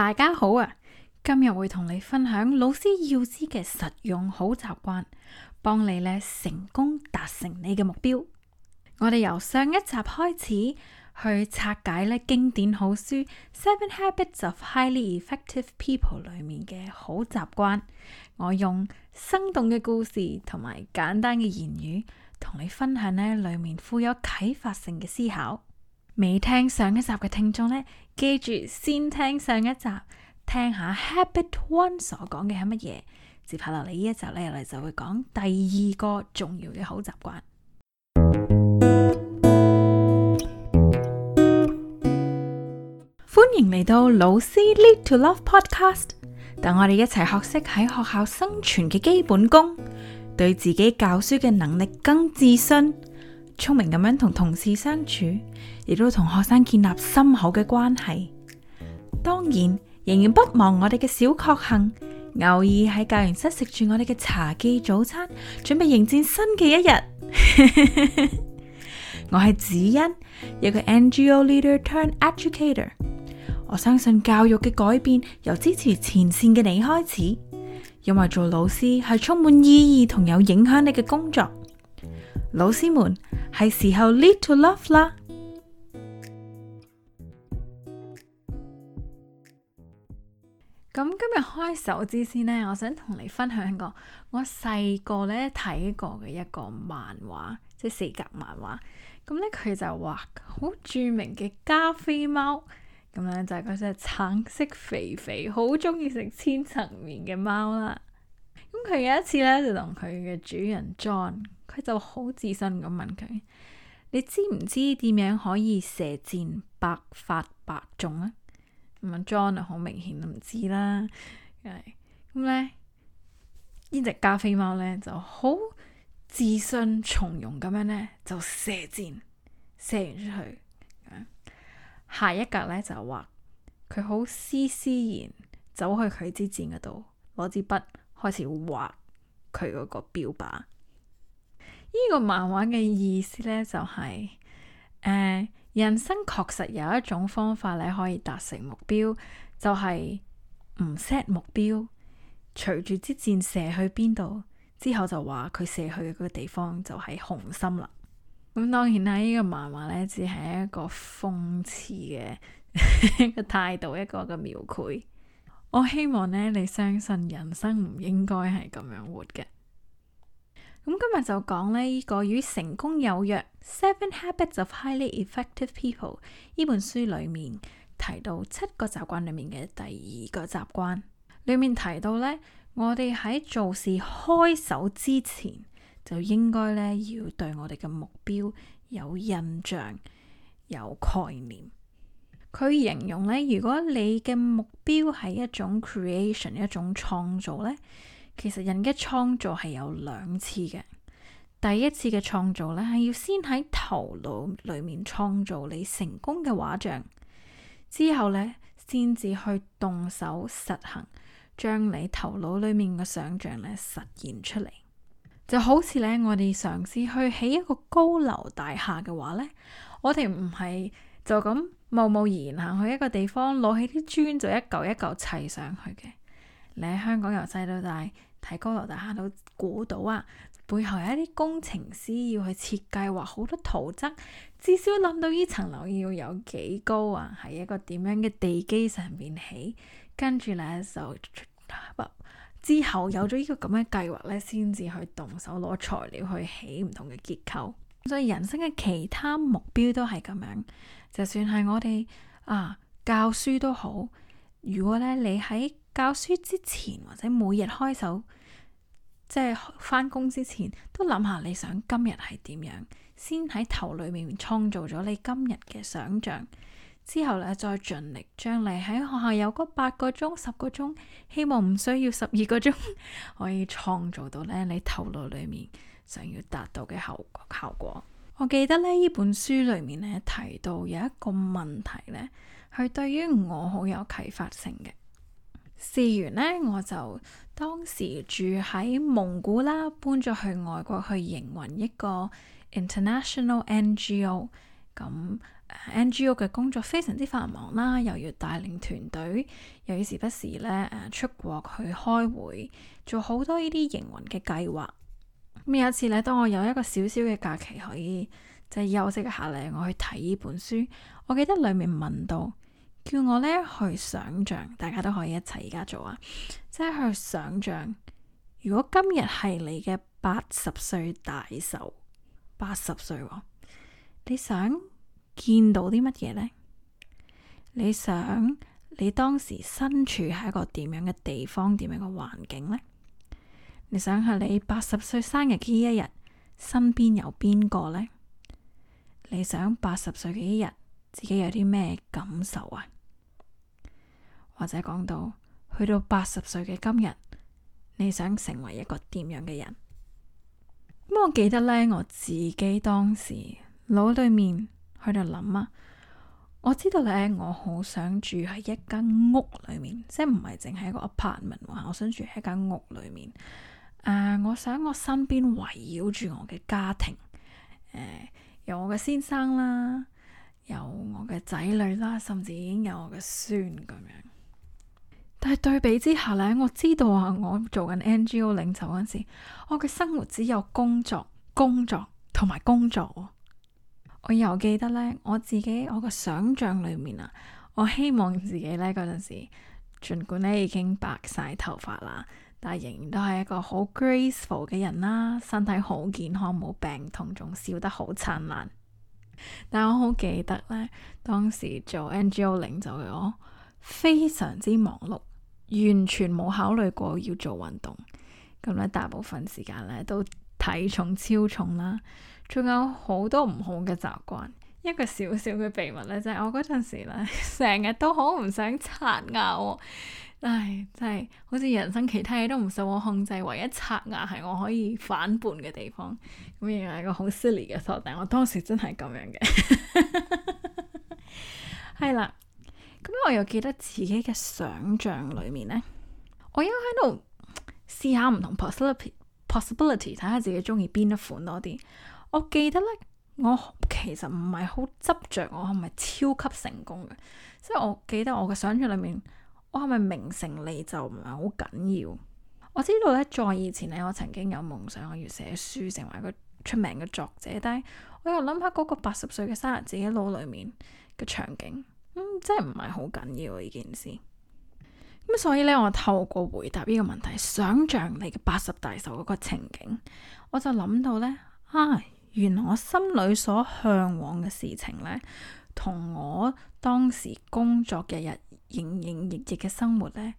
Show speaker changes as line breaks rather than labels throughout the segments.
大家好啊！今日會同你分享老師要知嘅實用好習慣，幫你咧成功達成你嘅目標。我哋由上一集開始去拆解咧經典好書《Seven Habits of Highly Effective People》裏面嘅好習慣，我用生動嘅故事同埋簡單嘅言語同你分享咧裏面富有啟發性嘅思考。未聽上一集嘅聽眾呢，記住先聽上一集，聽下 habit one 所講嘅係乜嘢。接下落嚟呢一集呢，我哋就會講第二個重要嘅好習慣。歡迎嚟到老師 Lead to Love Podcast，等我哋一齊學識喺學校生存嘅基本功，對自己教書嘅能力更自信，聰明咁樣同同事相處，亦都同學生建立深厚嘅關係。當然，仍然不忘我哋嘅小確幸，偶爾喺教研室食住我哋嘅茶記早餐，準備迎戰新嘅一日。 我係子欣，一個 NGO leader turn educator。我相信教育嘅改變由支持前線嘅你開始，因為做老師係充滿意義同有影響力嘅工作。老師們。係時候 lead to love 啦。咁今日開首之先呢，我想同你分享一個我細個呢睇過嘅一個漫畫，即係四格漫畫。咁呢，佢就畫好著名嘅加菲貓，咁呢就係嗰隻橙色肥肥，好中意食千層麵嘅貓啦。咁佢有一次呢，就同佢嘅主人 John。佢就好自信咁問佢：你知唔知點樣可以射箭百發百中啊？咁啊，John 啊，好明顯都唔知啦。咁咧，呢隻加菲貓咧就好自信從容咁樣咧，就射箭，射完出去，下一格咧就畫。佢好斯斯然走去佢支箭嗰度，攞支筆開始畫佢嗰個標靶。呢個漫畫嘅意思呢，就是，就係，誒，人生確實有一種方法咧可以達成目標，就係唔 set 目標，隨住支箭射去邊度，之後就話佢射去嘅嗰個地方就係紅心啦。咁當然啦，呢，這個漫畫呢，只係一個諷刺嘅 一個態度，一個嘅描繪。我希望呢，你相信人生唔應該係咁樣活嘅。咁今日就講呢依個與成功有約 Seven Habits of Highly Effective People 呢本書裏面提到七個習慣裏面嘅第二個習慣，裏面提到呢，我哋喺做事開手之前就應該呢要對我哋嘅目標有印象，有概念。佢形容呢，如果你嘅目標係一種 creation、一種創造呢。其實人嘅創造係有兩次嘅，第一次嘅創造呢，係要先喺頭腦裏面創造你成功嘅畫像，之後呢，先至去動手實行，將你頭腦裏面嘅想象呢實現出嚟。就好似呢，我哋嘗試去起一個高樓大廈嘅話呢，我哋唔係就咁冒冒然行去一個地方攞起啲磚就一嚿一嚿砌上去嘅。你喺香港由細到大睇高樓大廈都估到啊，背後有一啲工程師要去設計畫好多圖則，至少諗到呢層樓要有幾高啊，係一個點樣嘅地基上面起，跟住咧就之後有咗呢個咁嘅計劃咧，先至去動手攞材料去起唔同嘅結構。所以人生嘅其他目標都係咁樣，就算係我哋啊教書都好，如果咧你喺教書之前或者每日開手，即係返工之前，都諗下你想今日係點樣，先喺頭裏面創造咗你今日嘅想象。之後咧，再盡力將你喺學校有嗰八個鐘、十個鐘，希望唔需要十二個鐘，可以創造到咧你頭腦裏面想要達到嘅效果。效果我記得呢本書裏面呢提到有一個問題呢佢對於我好有啟發性嘅。事緣呢，我就當時住喺蒙古啦，搬咗去外國去營運一個 international NGO，咁、啊、NGO 嘅工作非常之繁忙啦，又要帶領團隊，又要時不時呢誒、啊、出國去開會，做好多呢啲營運嘅計劃。咁有一次呢，當我有一個小小嘅假期可以即係休息下呢，我去睇呢本書，我記得裡面問到。叫我呢去想象，大家都可以一齊而家做啊！即係去想象，如果今日係你嘅八十歲大壽，八十歲喎，你想見到啲乜嘢呢？你想你當時身處係一個點樣嘅地方，點樣嘅環境呢？你想下你八十歲生日嘅呢一日，身邊有邊個呢？你想八十歲嘅一日，自己有啲咩感受啊？或者講到去到八十歲嘅今日，你想成為一個點樣嘅人？咁我記得呢，我自己當時腦裏面喺度諗啊，我知道咧，我好想住喺一間屋裏面，即係唔係淨係一個 apartment，我想住喺一間屋裏面，呃，我想我身邊圍繞住我嘅家庭，呃，有我嘅先生啦。有我嘅仔女啦，甚至已經有我嘅孫咁樣。但係對比之下呢，我知道啊，我做緊 NGO 領袖嗰陣時，我嘅生活只有工作、工作同埋工作。我又記得呢，我自己我嘅想象裏面啊，我希望自己呢嗰陣時，儘管呢已經白晒頭髮啦，但係仍然都係一個好 graceful 嘅人啦，身體好健康，冇病痛，仲笑得好燦爛。但我好記得咧，當時做 NGO 領袖嘅我非常之忙碌，完全冇考慮過要做運動。咁咧，大部分時間咧都體重超重啦，仲有好多唔好嘅習慣。一個小小嘅秘密咧，就係我嗰陣時咧，成日都好唔想刷牙。唉，真係好似人生其他嘢都唔受我控制，唯一刷牙係我可以反叛嘅地方。咁亦係一個好 silly 嘅錯，但我當時真係咁樣嘅。係 啦， 咁我又記得自己嘅想象裏面呢，我有喺度試下唔同 possibility possibility，睇下自己中意邊一款多啲。我記得呢，我其實唔係好執着我係咪超級成功嘅，即係我記得我嘅想象裏面。我係咪名成利就唔係好緊要？我知道呢，再以前呢，我曾經有夢想我要寫書，成為一個出名嘅作者。但係我又諗下嗰個八十歲嘅生日自己腦裏面嘅場景，嗯，真係唔係好緊要呢、啊、件事。咁所以呢，我透過回答呢個問題，想象你嘅八十大壽嗰個情景，我就諗到呢：啊，原來我心裏所向往嘅事情呢，同我當時工作嘅日。營營役役嘅生活呢，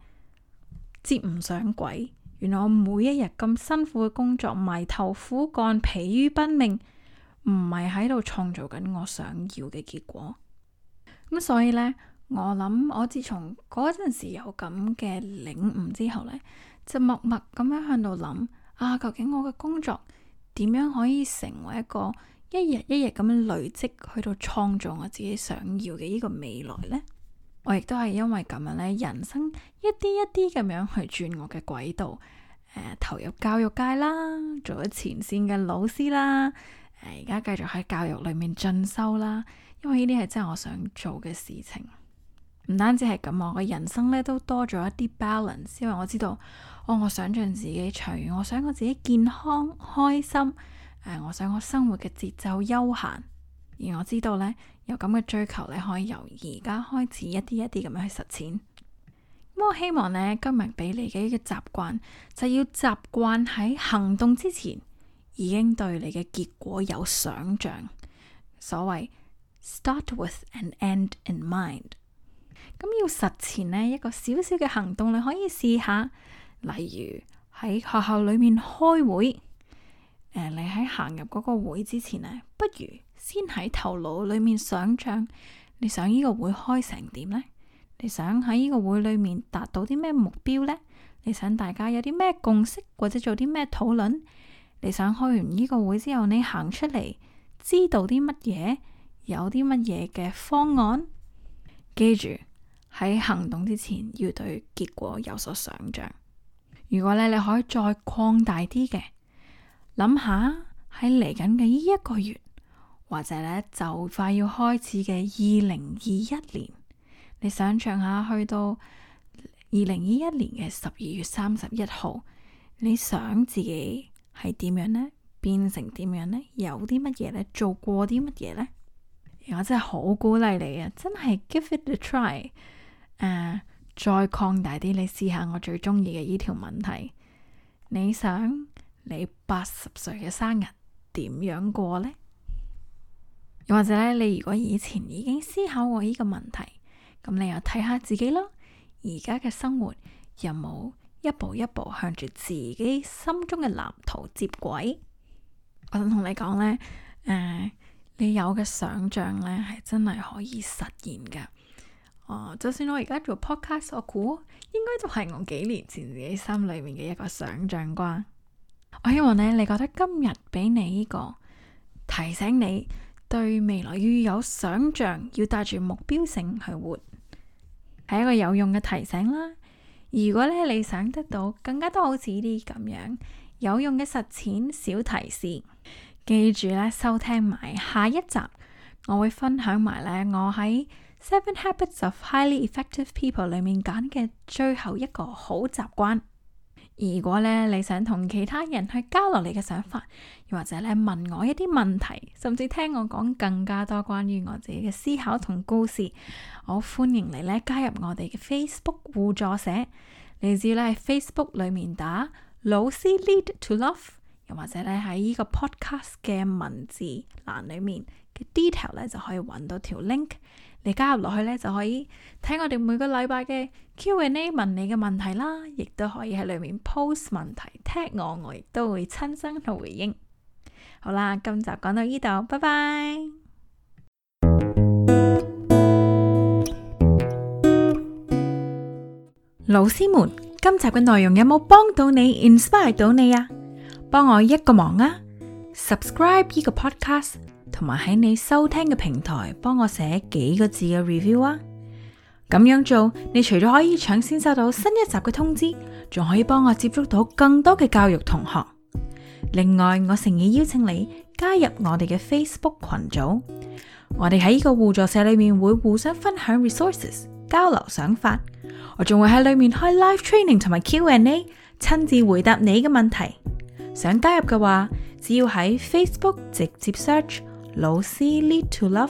接唔上軌。原來我每一日咁辛苦嘅工作，埋頭苦幹，疲於奔命，唔係喺度創造緊我想要嘅結果。咁所以呢，我諗我自從嗰陣時有咁嘅領悟之後呢，就默默咁樣向度諗「啊，究竟我嘅工作點樣可以成為一個一日一日咁樣累積，去到創造我自己想要嘅呢個未來呢？」我亦都係因為咁樣呢，人生一啲一啲咁樣去轉我嘅軌道，呃，投入教育界啦，做咗前綫嘅老師啦，而家繼續喺教育裏面進修啦。因為呢啲係真係我想做嘅事情，唔單止係咁，我嘅人生呢都多咗一啲 balance。因為我知道，哦，我想盡自己長遠，我想我自己健康開心，呃、我想我生活嘅節奏悠閒。休閒而我知道呢，有咁嘅追求，你可以由而家開始一啲一啲咁樣去實踐。咁我希望呢，今日俾你嘅一個習慣就要習慣喺行動之前已經對你嘅結果有想象。所謂 start with an end in mind。咁要實踐呢一個小小嘅行動，你可以試下，例如喺學校裏面開會，誒，你喺行入嗰個會之前呢，不如。先喺頭腦裏面想象，你想呢個會開成點呢？你想喺呢個會裏面達到啲咩目標呢？你想大家有啲咩共識，或者做啲咩討論？你想開完呢個會之後，你行出嚟，知道啲乜嘢，有啲乜嘢嘅方案？記住，喺行動之前要對結果有所想象。如果咧，你可以再擴大啲嘅，諗下喺嚟緊嘅呢一個月。或者咧，就快要開始嘅二零二一年，你想象下去到二零二一年嘅十二月三十一號，你想自己係點樣呢？變成點樣呢？有啲乜嘢呢？做過啲乜嘢呢？我真係好鼓勵你啊！真係 give it a try，誒，uh, 再擴大啲，你試下我最中意嘅呢條問題。你想你八十歲嘅生日點樣過呢？又或者咧，你如果以前已經思考過呢個問題，咁你又睇下自己咯。而家嘅生活有冇一步一步向住自己心中嘅藍圖接軌？我想同你講呢，誒、呃，你有嘅想象呢係真係可以實現噶。哦，就算我而家做 podcast，我估應該都係我幾年前自己心裏面嘅一個想象啩。我希望呢，你覺得今日俾你呢個提醒你。對未來要有想象，要帶住目標性去活，係一個有用嘅提醒啦。如果咧你想得到更加多，好似呢啲咁樣有用嘅實踐小提示，記住咧收聽埋下一集，我會分享埋咧我喺《Seven Habits of Highly Effective People》裏面揀嘅最後一個好習慣。如果咧你想同其他人去交流你嘅想法，又或者咧問我一啲問題，甚至聽我講更加多關於我自己嘅思考同故事，我歡迎你咧加入我哋嘅 Facebook 互助社。你只要喺 Facebook 裏面打老師 Lead to Love，又或者咧喺呢個 Podcast 嘅文字欄裏面嘅 detail 咧就可以揾到條 link。你加入落去呢，就可以睇我哋每個禮拜嘅 Q&A 問你嘅問題啦，亦都可以喺裏面 post 問題，聽我，我亦都會親身去回應。好啦，今集講到呢度，拜拜。老師們，今集嘅內容有冇幫到你，inspire 到你啊？幫我一個忙啊，subscribe 呢個 podcast。同埋喺你收聽嘅平台幫我寫幾個字嘅 review 啊，咁樣做你除咗可以搶先收到新一集嘅通知，仲可以幫我接觸到更多嘅教育同學。另外，我誠意邀請你加入我哋嘅 Facebook 群組，我哋喺呢個互助社裏面會互相分享 resources、交流想法。我仲會喺裏面開 live training 同埋 Q&A，親自回答你嘅問題。想加入嘅話，只要喺 Facebook 直接 search。老師 lead to love，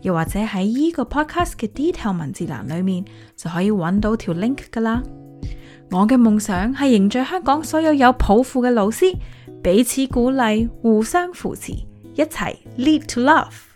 又或者喺呢個 podcast 嘅 detail 文字欄裏面就可以揾到條 link 噶啦。我嘅夢想係凝聚香港所有有抱負嘅老師，彼此鼓勵，互相扶持，一齊 lead to love。